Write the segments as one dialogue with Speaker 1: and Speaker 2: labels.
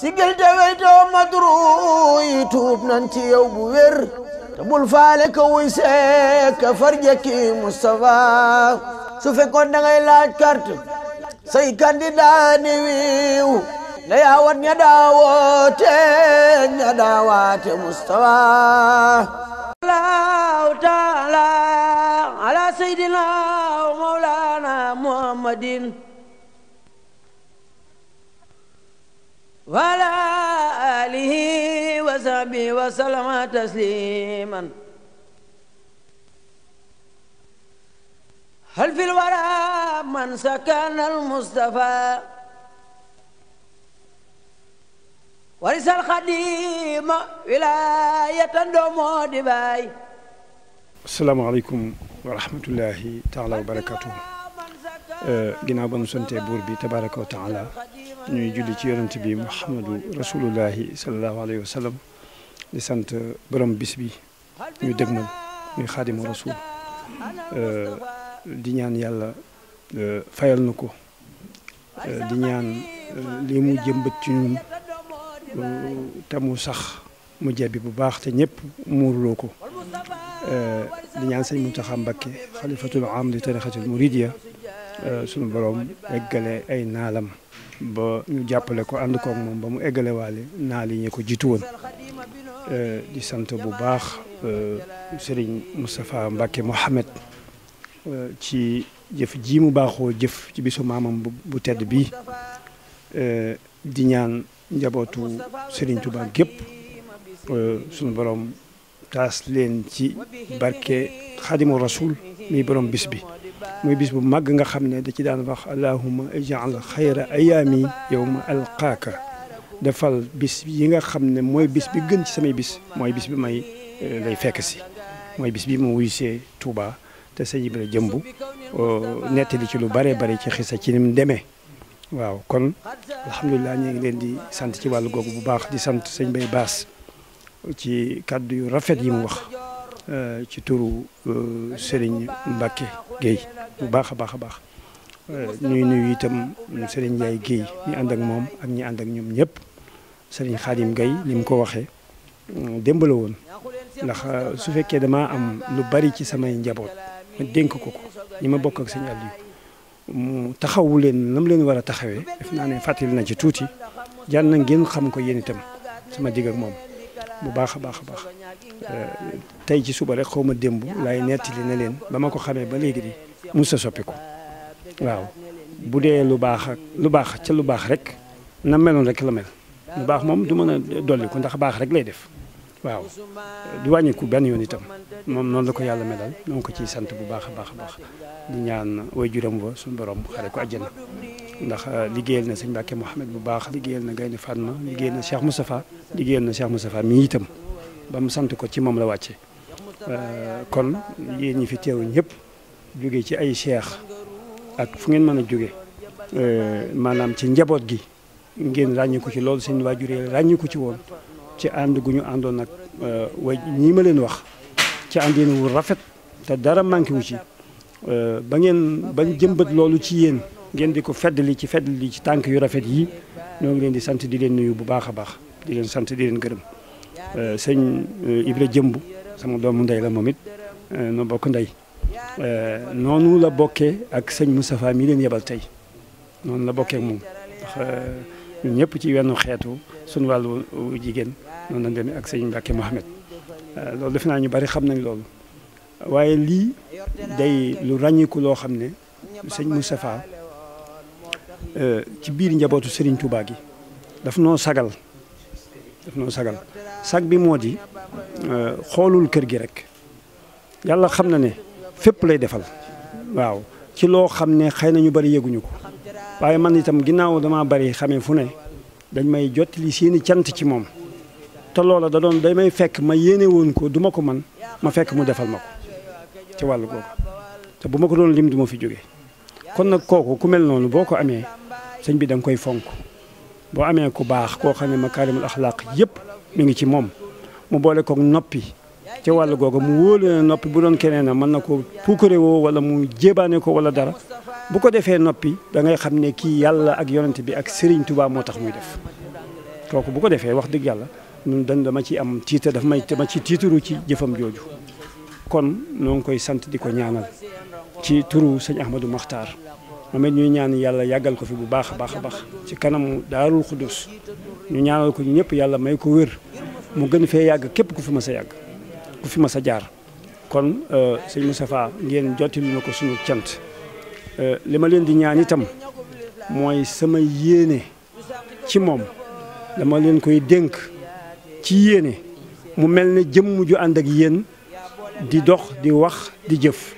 Speaker 1: sigil te weytoo madru yi tuub nan ci yow bu wér te bul faale ka wuy seek ka farjekki Moustapha su fekkoon da ngay laaj carte say candidat ni wiiw na yaawat ña daawoote ña daawaate Moustapha allahu taala ala seydina wa maulana muhammadin وعلى آله وصحبه وسلم تسليما هل في الورى من سكن المصطفى ورث الخديم ولاية دوم دباي
Speaker 2: السلام عليكم ورحمة الله تعالى وبركاته ginaaw ba nu santee buur bi tabaraka wa taala ñuy julli ci yonent bi muhammadu rasulullahi salallahu alayhi wa sallam di sant borom bis bi ñu dëgmal muy xaadimu rasul di ñaan yàlla fayal na ko di ñaan li mu jëmbat ci ñun te mu sax mu jebbi bu baax te ñëpp muurloo ko di ñaan sëñ Muntaxa Mbakke xalifatul am di tarixatul muridiya Euh, suñu borom eggale ay naalam ba ñu jàppale ko ànd koog moom ba mu eggale waale naal yi ñu ko jiitu woon euh, di sant bu baax euh, sëriñ Moustapha Mbacke Mohamed ci jëf ji mu baaxoo jëf ci bisu maamam bu tedd bi di ñaan njabootu sëriñ Touba gépp suñu boroom taas leen ci barke xadimu rasul mi borom bis bi. muy bis bu mag nga xam ne da ci daan wax allahuma ijal xayra ayaami yowma alqaaka defal bis yi nga xam ne mooy bis bi gën ci samay bis mooy bis bi may eh, lay fekk si mooy bis bi mu wuysee Touba te sëñ Ibra jëmbu nettali ci lu bare bare ci xisa ci ni mu demee waaw kon alhamdulilah ñu ngi leen di sant ci wàllu googu bu baax di sant sëñ Bay Baas ci kàddu yu rafet yi mu wax Euh, ci turu euh, Serigne Mbacke Guèye bu baax a baax a baax euh, ñuy nuyu itam Serigne Ndiaye Guèye ñu ànd ak moom ak ñi ànd ak ñoom ñëpp Serigne Khadim Guèye ni mu ko waxee démb la woon ndax su fekkee damaa am lu bari ci samay njaboot ma dénk ko ko ñi ma bokka ak Serigne Aliou mu taxawu leen nam leen war a taxawee def naa ne fàttali na ci tuuti jan na ngeen xam ko yéen itam sama digg moom bu baax a baax a baax. tey ci suba rek xaw ma démb laay nettali na leen ba ma ko xamee ba léegi de mu sa a ko waaw bu dee lu baax ak lu baax ca lu baax rek na meloon rek la mel lu baax moom du mën a dolli ko ndax baax rek lay def waaw du wàññiku benn yoon itam moom noonu la ko yàlla melal ñoo ngi ko ciy sant bu baax baax baax di ñaan way juram wa suñu borom xare ko àjjana ndax euh, liggéeyal na sëñ Mbàkke Mouhamed bu baax liggéeyal na Gaynde Fatma liggéeyal na Cheikh Moustapha liggéeyal na Cheikh Moustapha mii itam ba mu sant ko ci moom la wàcce euh, kon yéen ñi fi teew ñëpp jóge ci ay cheikh ak fu ngeen mën a jóge euh, maanaam ci njaboot gi ngeen ràññiku ci loolu seen waajur yi ràññiku ci woon ci ànd gu ñu àndoon nag euh, way ñii ma leen wax ci àndin wu rafet te dara manqué wu ci ba ngeen bañ jëmbat loolu ci yéen ngeen di ko feddali ci feddali ci tànk yu rafet yi ñoo ngi leen di sant di leen nuyu bu baax a baax di leen sant di leen gërëm Euh, sëñ euh, Ibra Jëmb sama doomu ndey la moom it euh, no bokk ndey noonu la bokkee ak sëñ Moustapha mi leen yebal tey noonu la bokkee ak moom ndax ñun ci wenn xeetu suñu wàllu jigéen noonu lañ demee ak sëñ Mbacke Mohamed loolu defe naa ñu bari xam nañ loolu waaye lii day lu ràññiku loo xam ne sëñ Moustapha ci biir njabootu sëriñ Touba gi daf noo sagal def noo sagal sag bi moo di euh, xoolul kër gi rek yàlla xam na ne fépp lay defal waaw ci loo xam ne xëy na ñu bari yëguñu ko waaye man itam ginnaaw damaa bari xame fu ne dañ may jottali seeni cant ci moom te loola da doon day may fekk ma yéene ko duma ko man ma fekk mu defal ma ko ci wàll googu te bu ma ko doon lim du ma fi jóge kon nag kooku ku mel noonu boo ko amee sëñ bi danga koy fonk bo amé ku bax ko xamné ne makaarimul axlaaq yëpp mi ngi ci mom mu bolé ko nopi ci walu gogo mu wolé nopi bu doon keneen man nako na wo wala mu jébaane ko wala dara bu ko défé nopi da ngay xamné ki yàlla ak yonent bi ak Serigne Touba moo tax muy def kooku bu ko défé wax deug yàlla ñun dañ dama ci am tité daf may dama ci tiitaru ci jëfëm joju kon ñong koy sante diko ñaanal ci turu serigne Ahmadou Makhtar. moom ñuy ñaan yalla yagal ko fi bu baax baax baax ci kanam darul khudus ñu ñaanal ko ñepp yalla may ko wër mu gën fe yag kep ku fi ma sa yag ku fi ma sa jaar kon euh, seigne Moustapha ngeen jottali na ko suñu cant euh lima leen di ñaan itam moy sama yene ci mom dama leen koy denk ci yene mu melni jëm ju and ak di dox di wax di jëf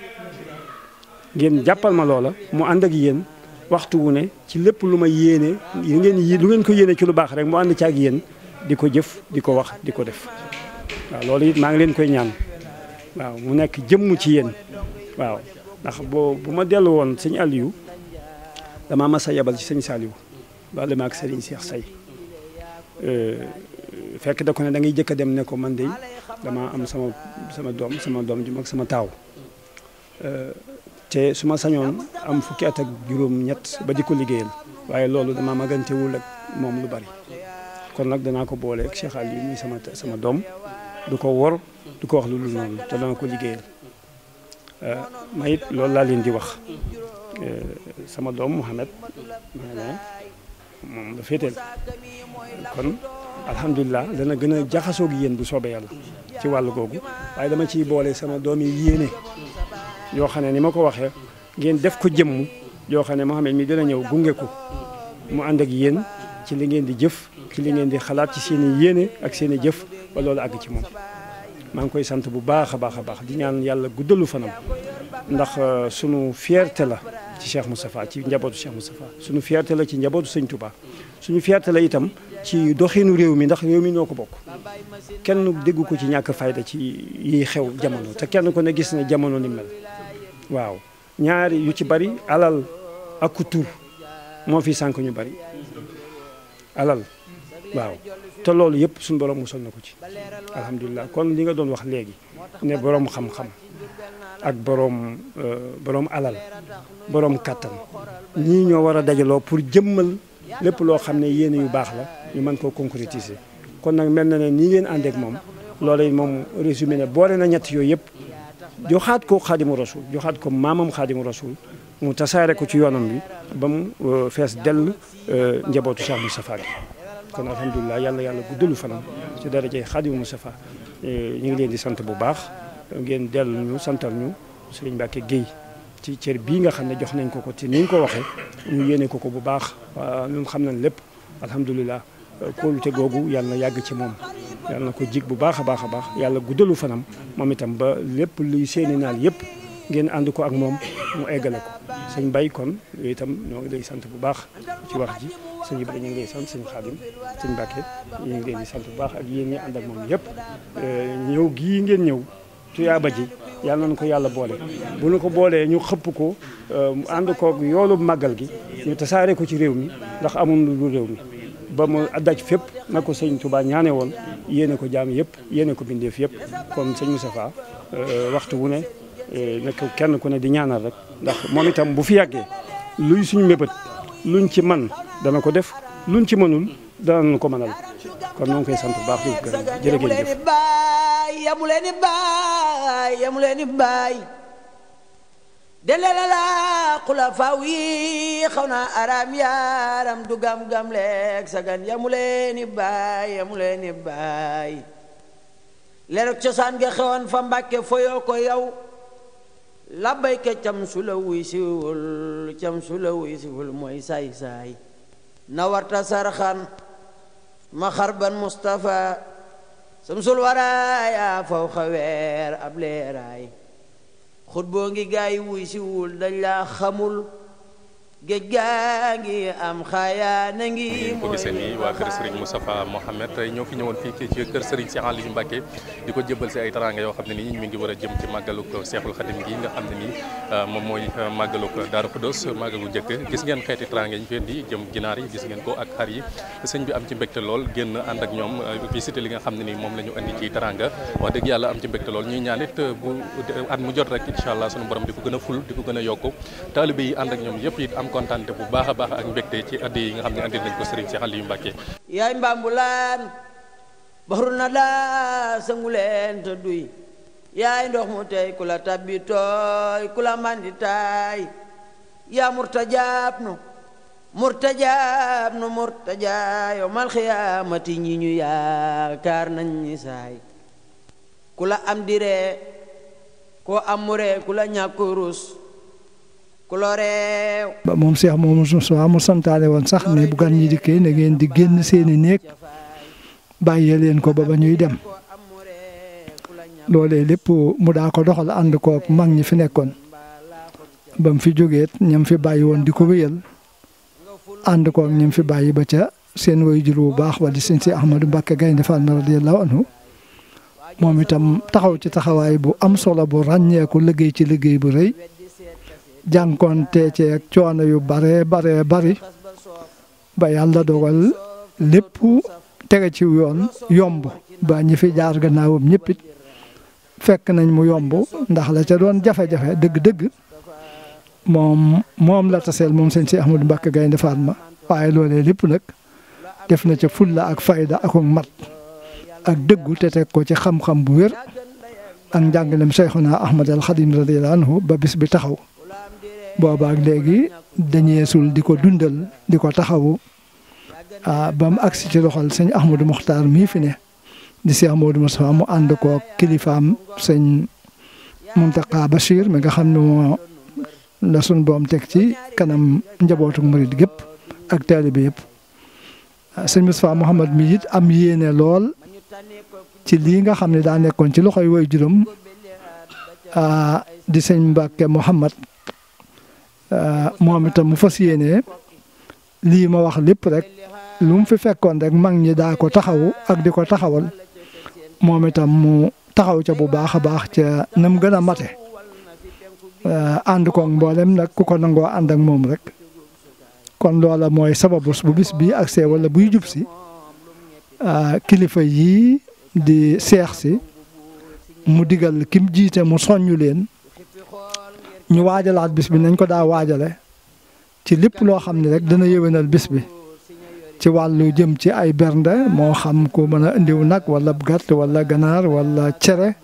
Speaker 2: ngeen jàppal ma loola mu ànd ak yéen waxtu wu ne ci lépp lu ma yéene lu ngeen lu ngeen ko yéene ci lu baax rek mu ànd ci ak yéen di ko jëf di ko wax di ko def waaw loolu it maa ngi leen koy ñaan waaw mu nekk jëmm ci yéen waaw ndax boo bu ma dellu woon sëñ Aliou dama mas a yabal ci sëñ Saliou loolu ma ak sëriñ Cheikh Say euh, fekk da ko ne da ngay jëkk a dem ne ko man de dama am sama sama doom sama doom ju sama taaw euh, te su ma sañoon am fukki at ak juróom-ñett ba di ko liggéeyal waaye loolu dama magantewul ak moom lu bari kon nag danaa ko booleeg Cheikh Aliou muy sama sama doom du ko wor du ko wax lu dul noonu te dana ko liggéeyal euh, ma loolu laa leen di wax euh, sama doom Mouhamed ma moom la féeteel kon alhamdulilah dana gën a jaxasoog yéen bu soobee yàlla ci wàllu googu waaye dama ciy boole sama doom yéene yoo xam ne ni ma ko waxee ngeen def ko jëmm yoo xam ne Mouhamed mi dina ñëw gunge ko mu ànd ak yéen ci li ngeen di jëf ci li ngeen di xalaat ci seen i yéene ak seen jëf ba loolu àgg ci moom maa ngi koy sant bu baax a baax a baax di ñaan yàlla guddalu fanam ndax euh, sunu fierté la ci Cheikh Moustapha ci njabootu Cheikh Moustapha sunu fierté la ci njabootu Sëñ Touba suñu fierté la itam ci doxinu réew mi ndax réew mi noo ko bokk kenn déggu ko ci ñàkk fayda ci yiy xew jamono te kenn ko ne gis ne jamono ni mel waaw ñaari yu ci bari alal ak tur mo fi sank ñu bari alal waaw te loolu yëpp suñu borom musal na ko ci kon li nga doon wax léegi ne borom xam-xam ak borom euh, borom alal borom kàttan ñii ñoo war a dajaloo pour jëmmal lépp loo xam ne yéene yu baax la ñu mën koo concrétiser kon nag mel na ne nii ngeen àndeek moom loolu moom résumé na boole na ñett yooyu yëpp. joxaat ko xaadimu rasul joxaat ko maamam xaadimu rasul mu tasaare ko ci yoonam bi ba mu euh, fees dell euh, njabootu Cheikh Moustapha gi kon alhamdulilah yàlla yàlla guddalu fanam ci darajay xaadimu Moustapha euh, ñu ngi leen di sant bu baax ngeen dellu ñu santal ñu Serigne Mbacke Guèye ci cër bii nga xam ne jox nañ ko ko ci ni ko waxee ñu yéene ko ko bu baax ñun xam nañ lépp alhamdulilah kóolute googu yàlla na yàgg ci moom yàlla na ko jig bu baax a baax a baax yàlla guddalu fanam moom itam ba lépp luy seeni naal yëpp ngeen ànd ko ak moom mu eggale ko sëñ bay kon yooyu itam ñoo ngi lay sant bu baax ci wax ji sëñ Ibrahima ñu ngi lay sant suñ Xaadim sëñ Mbàkke ñu ngi leen di sant bu baax ak yéen ñi ànd ak moom yëpp euh, ñëw gii ngeen ñëw tuyaaba ji yàlla nañu ko yàlla boole bu nu ko boolee ñu xëpp ko euh, mu ànd kook yoolu màggal gi ñu tasaare ko ci réew mi ndax amul lu réew mi ba mu daj fépp na ko sëñ Touba ñaane woon yéene ko jaam yëpp yéene ko bindeef yëpp comme sëñ Moustapha euh, waxtu wu ne euh, nekk kenn ku ne di ñaanal rek ndax moom itam bu fi yàggee luy suñu mébét luñ ci man dana ko def luñ ci mënul danañ ko mënal kon ñoo ngi koy sant bu baax di ko gërëm jërëjëf.
Speaker 1: yamu delalala kula fawi faw aram xaw du gam gam lek sagan yamuleni leen yamuleni baay yamu leen i baay leerug cosaan nga xewoon fa mbàkke foyo ko yow labbayka ke cham la wuy cham cam su la wuy siwul nawarta sarxan Mustafa samsul waraaya faw xaweer ab xutboo ngi gaay wuy si wul dañ laa xamul géej gaa ngi am xayaana ngi ñu ko gisee nii waa kër fi
Speaker 3: ci Serigne Cheikh di ko si ay teraanga yoo xam ne nii ngi war jëm ci màggalug Cheikhul Khadim gi nga xam ne nii euh, moom mooy euh, màggalug Daaru Xudos màggalu gis ngeen ñu di jëm ginaar yi gis ngeen ko ak xar yi sëñ bi am ci mbégte lool génn ànd ak ñoom visité euh, li nga xam ne nii moom andi ci teraanga wax am ci lool ñuy ñaanit bu at mu jot rek allah borom di ko ful di ko gën a yi ànd ak yëpp am am contenté bu baaxa baax ak mbégte ci addi yi nga xamni ne nañ ko Serigne Cheikh Aliou Mbacké
Speaker 1: yaay mbambulan baxru na daa sanguleen te duy yaay ndox mu tay kula la tabbi tooy ku mandi tay ya murtajaab nu murtajaab nu yow mal khiyamati ñi ñu yaakaar nañ ni say ku am diré ko am kula ñakurus rus ba
Speaker 4: moom Cheikh Mouhamadou Moustapha mu santaane woon sax ne bu gan ñi dikkee na ngeen di génn seeni néeg bàyyee leen ko ba ba ñuy dem loolee lépp mu daa ko doxal ànd ko mag ñi fi nekkoon ba mu fi jógeet ñam fi bàyyi woon di ko wéyal ànd ñam fi ba ca seen bu baax wa di si Ahmadou Mbacké Gaynde Fatma radiyallahu anhu moom itam taxaw ci taxawaay bu am solo bu ràññeeku liggéey ci liggéey bu rëy jànkoonte ci ak coono yu bare bare bari ba yàlla dogal lépp tege ci yoon yomb ba ñi fi jaar gannaawam ñëpp it fekk nañ mu yomb ndax la ca doon jafe-jafe dëgg-dëgg moom moom la taseel moom sëñ si Ahmadou Mbacké Gaynde Fatma waaye loolee lépp nag def na ca fulla ak fayda ak mat ak dëggu te teg ko ci xam-xam bu wér ak njàngalem Seyxuna Ahmad al Xadim radiyallahu anhu ba bis bi taxaw booba ak léegi dañeesul di ko dundal di ko taxawu ah, ba mu agsi ci loxol sëñ Ahmadou Mokhtar mii fi ne di Cheikh Modou mu ànd koo kilifaam sëñ Mountakha bashir mi nga xam ne moo la sun boom teg ci kanam njabootu murid gépp ak taalibe yëpp ah, sëñ Moustapha Mouhamad mi am yéene lol ci lii nga xam ne daa nekkoon ci loxoy woy juróom ah, di sëñ Mbacke Muhammad Euh, moom itam mu fas yéene lii ma wax lépp rek lu mu fi fekkoon rek mag ñi daa ko taxawu ak di ko taxawal moom itam mu taxaw ca bu baax a baax ca na mu gën a mate euh, ànd koog mboolem nag ku ko nangoo ànd ak moom rek kon loola mooy sababus bu bis bii ak see wala buy jub euh, yii di seex si mu digal kim jiite mu soññu leen ñu waajalaat bis bi nañ ko daa waajale ci lépp loo xam ne rek dana yéwénal bis bi ci wàllu jëm ci ay bernde moo xam ko mën a indiw nag wala gàtt walla ganaar wala cere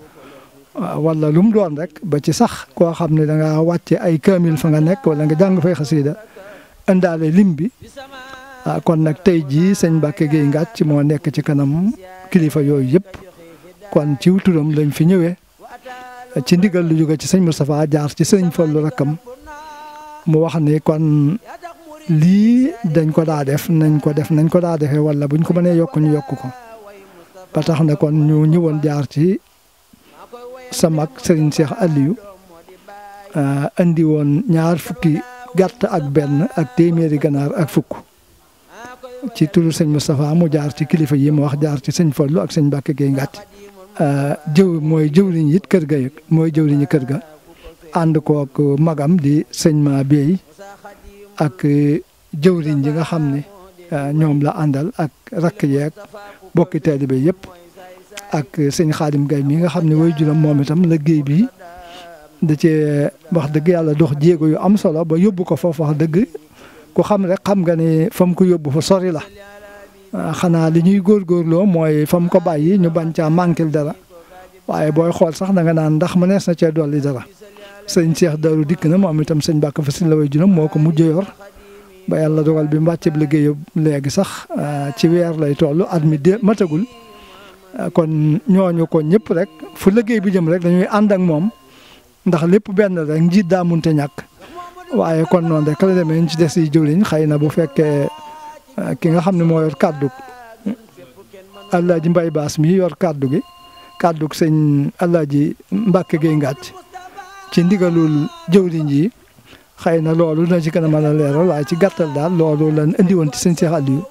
Speaker 4: wala lu mu doon rek ba ci sax koo xam ne danga wàcce ay kaamil fa nga nekk wala nga jàng fay xasiida indaale lim bi ah, kon nag tey jii sëñ Mbacke Gueye Ngathie moo nekk ci kanam kilifa yooyu yëpp kon ci turam lañ fi ñëwee ci ndigal lu jóge ci sëñ Moustapha jaar ci sëñ Fallu rakkam mu wax ni kon lii dañ ko daa def nañ ko def nañ ko daa defee wala buñ ko mënee yokk ñu yokk ko ba tax na kon ñu ñëwoon jaar ci sa mag Serigne Cheikh Aliou euh, andi woon ñaar fukki gàtt ak benn ak téeméeri ganaar ak fukk ci turu sëñ Moustapha mu jaar ci kilifa yi mu wax jaar ci sëñ Fallu ak sëñ Mbàkke Gey Ngàtti Euh, jëw mooy jëwriñ it kër ga yëg mooy jëwriñu kër ga ànd kook magam di sëñ ma beey ak euh, jëwriñ ji nga xam ni euh, ñoom la àndal ak rakk yeeg bokki taalibe yëpp ak sëñ xaadim gaym yi nga xam ne way juram moom itam liggéey bi da cee wax dëgg yàlla dox jéego yu am solo ba yóbbu ko foof wax dëgg ku xam rek xam nga ni fa mu ko yóbbu fa sori la xanaa li ñuy góor góorloo mooy fa mu ko bàyyi ñu bañ caa manqué dara waaye booy xool sax da naan ndax mënees na cee dolli dara sëñ Cheikh Darou dikk na moom itam sëñ Bakka Fassine la way junam moo ko mujj yor ba yàlla dogal bi mbàcceb liggéey léegi sax euh, ci weer lay toll at mi dé euh, kon ñooñu ko ñëpp rek fu liggéey bi jëm rek dañuy ànd moom ndax lépp benn rek njiit daa munte ñàkk waaye kon noonu rek la demee ñu ci des yi jëwriñ xëy na bu fekkee Eh, ki nga xam ne moo yor kàddu Alaaji Mbay Baas mi yor kàddu gi kàddu sëñ Alaaji Mbàkke Gey Ngàcc ci ndigalul jëwriñ yi xëy na loolu dina ci gën a mën leeral waaye ci gàttal daal loolu lan indi woon ci sëñ Seex Aliyu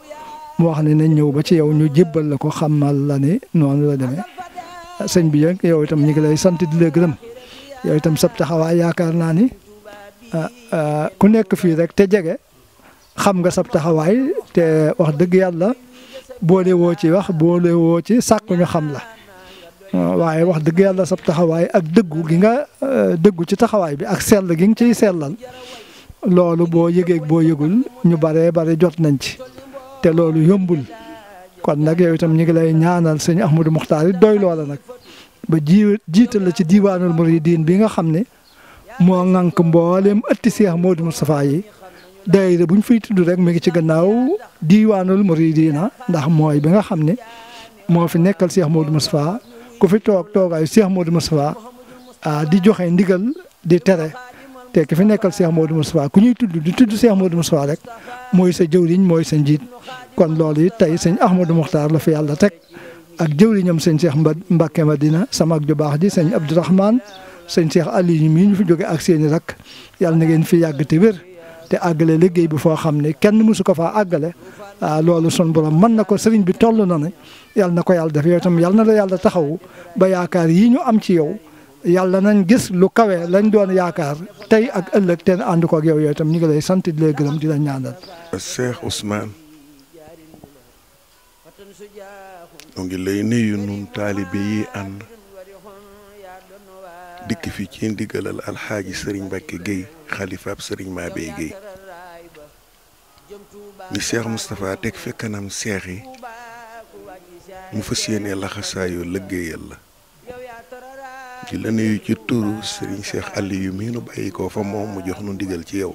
Speaker 4: mu wax ne nañ ñëw ba ci yow ñu jébbal la ko xamal la ne noonu la demee sëñ bi yëg yow itam ñu ngi lay sant di la gërëm yow itam sab taxawaay yaakaar naa ni eh, eh, ku nekk fii rek te jege xam nga sab taxawaay te wax dëgg yàlla boole woo ci wax boole ci sàkku ñu xam la waaye wax dëgg yàlla sab taxawaay ak dëggu gi nga euh, dëggu ci taxawaay bi ak sell gi nga ciy sellal loolu boo yëgeeg boo yëgul ñu baree bare jot nañ ci te loolu yombul kon nag yow itam ñu ngi lay ñaanal sëñ Ahmadou Mokhtar it doy loola nag ba ji jiital la ci diiwaanul muridin bi nga xam ne moo ŋànk mboolem ëtti Seex Moodu Mustafaa yi daayira buñ fiy tuddu rek mi ngi ci gannaaw diiwaanul muridina ndax mooy bi nga xam ne moo fi nekkal Cheikh Modou Moustapha ku fi toog toogaayu Cheikh Modou Moustapha ah, di joxe ndigal di tere te ki fi nekkal Cheikh Modou Moustapha ku ñuy tudd di tudd Cheikh Modou Moustapha rek mooy sa jëwriñ mooy sa njiit kon loolu it tey sëñ Ahmadou Mokhtar la fi yàlla teg ak jëwriñam sëñ Cheikh Mbacke Madina sama ak ju baax di sëñ Abdourahmane sëñ Cheikh Aliou mi ñu fi jóge ak seeni rak yàlla na ngeen fi yàgg te wér te àggale liggéey bi foo xam ne kenn mësu ko faa àggale ah, loolu sun borom mën na ko sëriñ bi toll na ne yàlla na ko yàlla def yow itam yàlla na la yàlla taxawu ba yaakaar yi ñu am ci yow yàlla nañ gis lu kawee lañ doon yaakaar tey ak ëllëg teen ànd ko ak yow yow itam ñu ngi lay sant di lay gërëm di la ñaanal.
Speaker 5: Cheikh Ousmane dikk fi ci ndigalal serigne sëriñ gey khalifa xalifaab sëriñ Mabeye Guèye ni mustapha tek fe kanam cheikh yi mu fassiyene la laxasaayoo leggeyal la di la neuy ci tour serigne cheikh ali mii nu bàyyi ko fa mom mu jox nu ndigal ci yow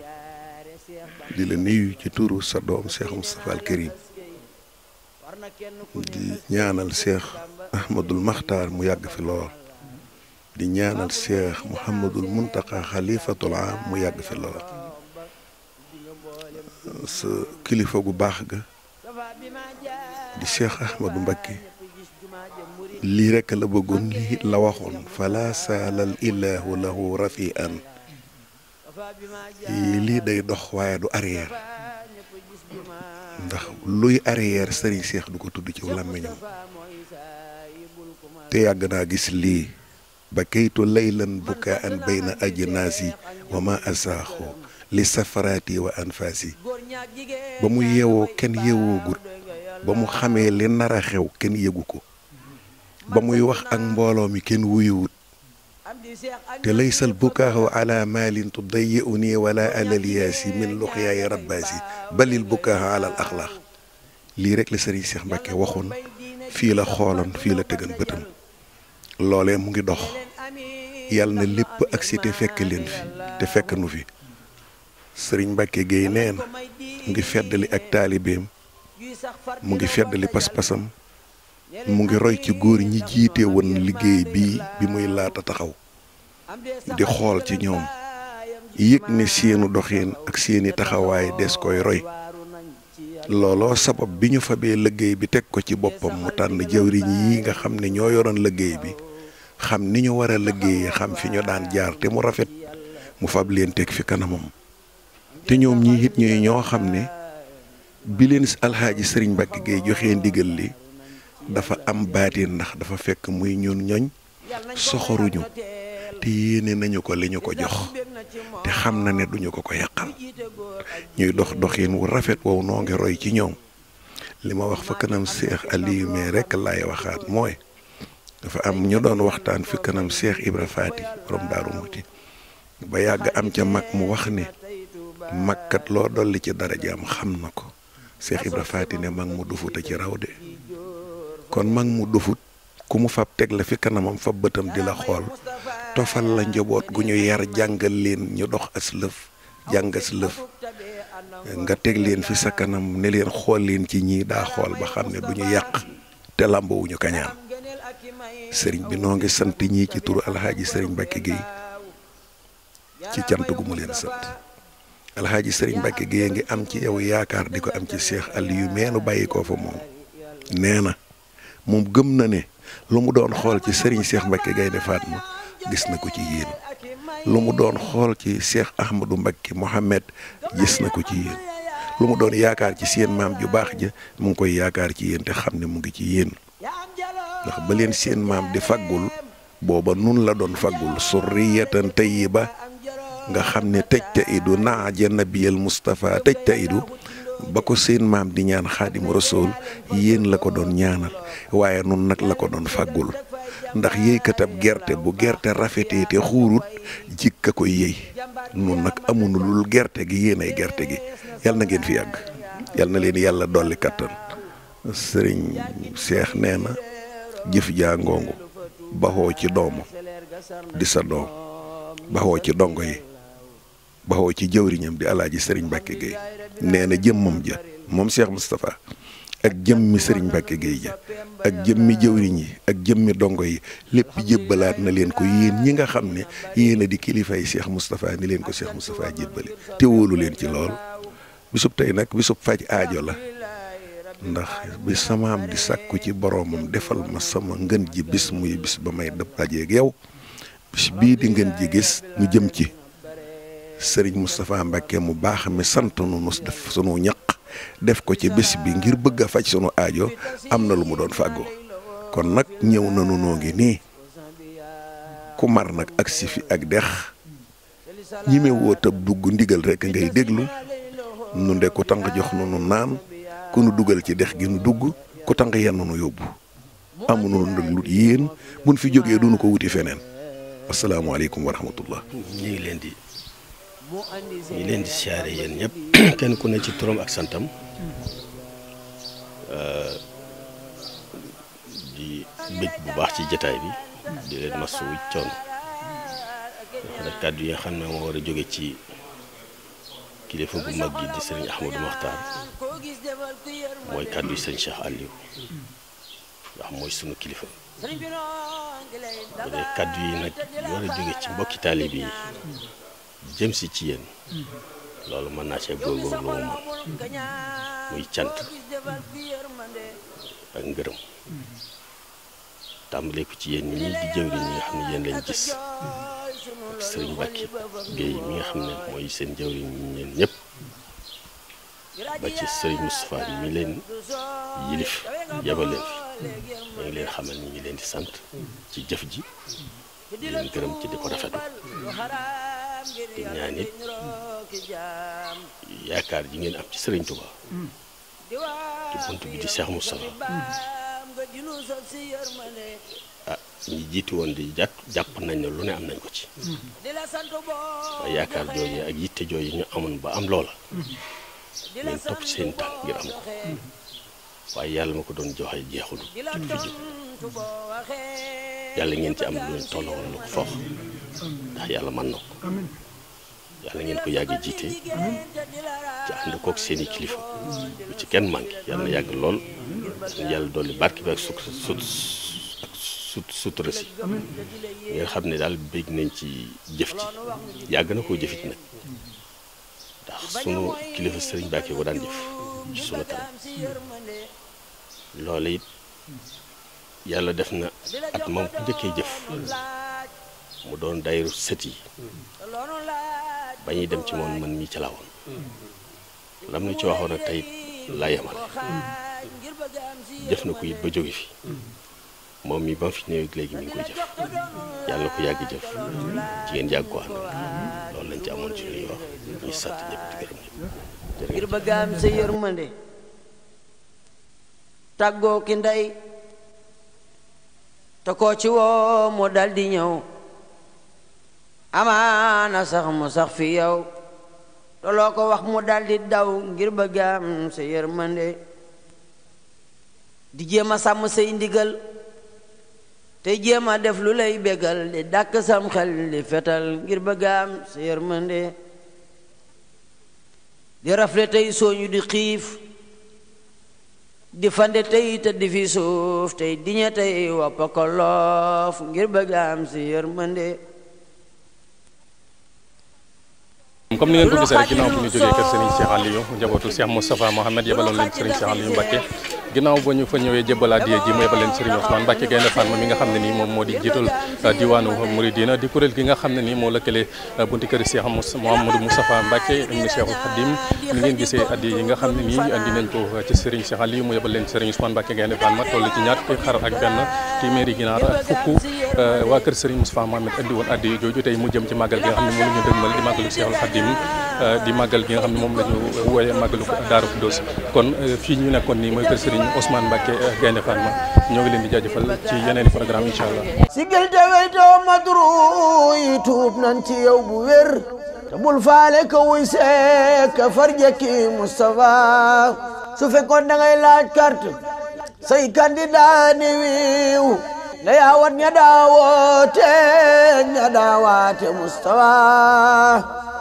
Speaker 5: di la neuy ci tour sa dom cheikh mustapha al Karim di ñaanal seex Ahmadul makhtar mu yag fi lor di ñaanal cheikh Mouhamadul Muntaqa xalifatul am mu yàgg fi lool sa kilifa gu baax ga di cheikh Ahmadou Mbakke lii rekk la bëggoon lii la waxoon fala saalal ilaahu lahu rafian lii day dox waaye du arrière ndax luy arrière sëriñ cheikh du ko tudd ci làmmiñam te yàgg naa gis lii بكيت ليلا بكاء بين أجناسي وما أساخو لسفراتي وأنفاسي بمو يوو كان يوو غور بمو خمي لنرى خيو كان يوكو بمو يوخ أن بولومي كن ويوت ليس البكاء على مال تضيئني ولا على الياسي من لقياي رباسي بل البكاء على الأخلاق لي رك لسري شيخ مباكي واخون في لا خولون في لا تگن بتم loole mu ngi dox yàlla na lépp ak cité fekk leen fi te fekk nu fi sëriñ Mbacke Gueye nee mu ngi feddali ak taalibeem mu ngi feddali pas-pasam mu ngi roy ci góor ñi jiite woon liggéey bi bi muy laata taxaw di xool ci ñoom yëg ne seenu doxin ak seeni taxawaay des koy roy looloo sabab bi ñu fabee liggéey bi teg ko ci boppam mu tànn jawriñ yi nga xam ne ñoo yoroon liggéey bi xam ni ñu war a liggéeyee xam fi ñu daan jaar te mu rafet mu fab leen teg fi kanamam te ñoom ñii it ñooy ñoo xam ne bi leen alxaaji sëriñ Mbàkke Gaye joxe ndigal li dafa am baatin ndax dafa fekk muy ñuul ñoñ soxoruñu te yéene nañu ko li ñu ko jox te xam na ne duñu ko ko yàqal ñuy dox doxin wu rafet wow noo ngi roy ci ñoom li ma wax fa kanam Seex Aliyu rekk lay waxaat mooy dafa am ñu doon waxtaan fi kanam seex Ibra Faati borom Daaru Muti ba yàgg am ca mag mu wax ne magkat loo dolli ci dara darajaam xam na ko Cheikh Ibra Faati ne mag mu dufuta ci raw de kon mag mu dufut ku mu fab teg la fi kanamam fab bëtam di la xool tofal la njaboot gu ñu yar jàngal leen ñu dox as lëf jàng jàngas lëf nga teg leen fi sa kanam ne leen xool leen ci ñii daa xool ba xam ne du ñu yàq te làmbawuñu kañaan sëriñ bi noo ngi sant ñii ci turu alxaaji sëriñ Mbacke Gueye ci cant gu mu leen sët alxaaji sëriñ Mbacke Gueye ngi am ci yow yaakaar di ko am ci Cheikh Aliou meenu bàyyi koo fa moom nee na moom gëm na ne lu mu doon xool ci sëriñ Cheikh Mbacke Gaynde Fatma gis na ko ci yéen lu mu doon xool ci Cheikh Ahmadou Mbacke Mohamed gis na ko ci yéen lu mu doon yaakaar ci seen maam ju baax ja mu ngi koy yaakaar ci yéen te xam ne mu ngi ci yéen ndax ba leen seen maam di faggul booba nun la doon faggul surriyatan ba nga xam ne tej ta idu naaja nabiyal Mustafa tej ta ba ko seen maam di ñaan xaadimu rasul yéen la ko doon ñaanal waaye nun nag la ko doon faggul ndax yëykatab gerte bu gerte rafetee te xuurut jikka koy yëy nun nag amuñu lul gerte gi yéen ay gerte gi yal na ngeen fi yàgg yal na leen yàlla dolli kattan sëriñ Seex nee na jëf jaa ngoongu baxoo ci doomu di sa doom baxoo ci dongo yi baxoo ci jëwriñam di alaaji sëriñ Mbàkke Gueye nee na jëmmam ja moom Cheikh Moustapha ak jëmmi sëriñ Mbàkke Gueye ja ak jëmmi jëwriñ yi ak jëmmi dongo yi lépp jébbalaat na leen ko yéen ñi nga xam ne yéen a di kilifa yi Cheikh Moustapha ni leen ko Cheikh Moustapha jébbale te wóolu leen ci lool bisub tey nag bisub faj aajo la ndax bi sama am di sakku ci boromam defal ma sama ngeen ji bis muy bis ba may dëpp ak yow bis bi di ngeen ji gis ñu jëm ci serigne mustapha Mbacke mu bax mi sant nu nu def sunu ñak def ko ci bis bi ngir bëgg a faj sunu aajo amna lu mu doon fàggoo kon ñew na nu no ngi ni ku mar nak ak si ak dex ñime woo tab dugg ndigal rek ngay deglu nu ndeku tang jox nu nu naan ku nu dugal ci dex gi nu dugg ku tànk yenn nu yóbbu amuñu lu yéen buñ fi jógee duñu ko wuti feneen asalaamaaleykum wa rahmatullah. ñu ngi leen di ñu leen di siyaare yéen ñëpp
Speaker 6: kenn ku ne ci turam ak santam euh, di bëgg bu baax ci jataay bi di leen masu coon wax na kàddu yi xam ne moo war a jóge ci kilifa bu mag gi di sëriñ Ahmadou Maxtaar mooy kàddu yi sëñ Cheikh Aliou nga xam mooy sunu kilifa bu
Speaker 1: dee kàddu yi nag war a
Speaker 6: ci mbokki taalib yi jëm si ci yéen loolu mën naa cee góorgóorlu mu muy cant ak ngërëm tàmbale ko ci yéen ñii di jëwri ñi xam ne yéen lañ gis ak sëriñ Mbacke Gueye mi nga xam ne mooy seen jëwri ñi ñeen ñëpp ba ci sëriñ Moustapha mi leen yilif yabaleen fi ma ngi leen xamal ñu ngi leen di sant ci jëf ji
Speaker 1: ñu leen gërëm ci di ko rafetu di ñaan it
Speaker 6: yaakaar ji ngeen am ci sëriñ Touba
Speaker 1: ci bunt bi di Cheikh Moustapha
Speaker 6: ah ñi jiiti woon di jàpp nañ ne lu ne am nañ ko ci
Speaker 1: waaye yaakaar jooju ak
Speaker 6: yitte jooju ñu amoon ba am loola
Speaker 1: ngeen topp ci seen tànk ngir am ko
Speaker 6: waaye yàlla ma ko doon joxe jeexul ci yàlla ngeen ci am lu leen tolloo wala ko foox ndax yàlla mën yàlla ngeen ko yàgg jiite ci ànd kook seen i kilifa bu ci kenn mànk yàlla na yàgg lool yàlla dolli barke bi ak sut sut sutura si ngeen xam ne daal bég nañ ci jëf ci yàgg na ko jëfit nag ndax sunu kilifa sëriñ Mbàkke ko daan jëf ci sunu kanam loola it yàlla def na at moom ku njëkkee jëf mu doon dayru sët yi ba dem ci moom man mii ca laawoon lam na ci waxoon a tey laa yemal jëf na ko it ba jóge fi moom ba fi ñëwee léegi mi ngi def yalla ko yàgg def jigéen yàgg ko àndal loolu lañ ci amon ci li ñuy wax ñuy sat ñëpp ci gërëm
Speaker 1: ñëpp ngir bëgg am sa yërmande taggo ki nday to ko ci wo mo dal di ñew amana sax mo sax fi yow to loo ko wax mo dal di daw ngir bëgg am sa yërmande di jema sam sàmm say ndigal te jéem def lu lay bégal di dàkk sam xel di fetal ngir bëggaam sa yërmande di rafle tey sooñu di xiif di fande tey tëdd fi suuf tey diñe tey wappa ko loof ngir bëggaam sa yërmande
Speaker 3: comme ni ngeen ko gisee rek ginnaaw bu ñu jógee kër Serigne Cheikh Aliou njabootu Cheikh Moustapha Mohamed yebaloon leen Serigne Cheikh Aliou Mbacké ginnaaw ba ñu fa ñëwee jébbal addiya ji mu yebal leen Serigne Ousmane Mbacke Gaynde Fatma mi nga xam ne nii moom moo di jiital euh, diwaanu Mouridina di kuréel gi nga xam ne ni moo la euh, bunti kër Cheikh Mouhamadou Moustapha Mbacke ibn Cheikhul Khadim ni ngeen gisee addiya yi nga xam ne nii andi nañ ko euh, ci Serigne Cheikh Aliou mu yebal leen Serigne Ousmane Mbacke Gaynde Fatma toll ci ñaar fukki xar ak benn téeméeri ginaar ak fukk waa kër Serigne Moustapha Mohamed andi woon addiya jooju tey mu jëm ci màggal gi nga xam ne moo la ñu dëgmal di màggalu Cheikhul Khadim Euh, di màggal gi nga xam ne moom la ñu wooyee màggalu Daaru Xudoos kon euh, fii ñu nekkoon nii mooy kër Sëriñ Ousmane Mbacké euh, Gaynde Fatma ñoo ngi leen di jaajëfal ci yeneen i programme incha allah
Speaker 1: sigil te weytoo madru yi tuub nan ci yow bu wér te bul faale ko wuy seek far jekki Moustapha su fekkoon da ngay laaj carte say candidat ni wiiw na yaawat ña daawoote ña daawaate Moustapha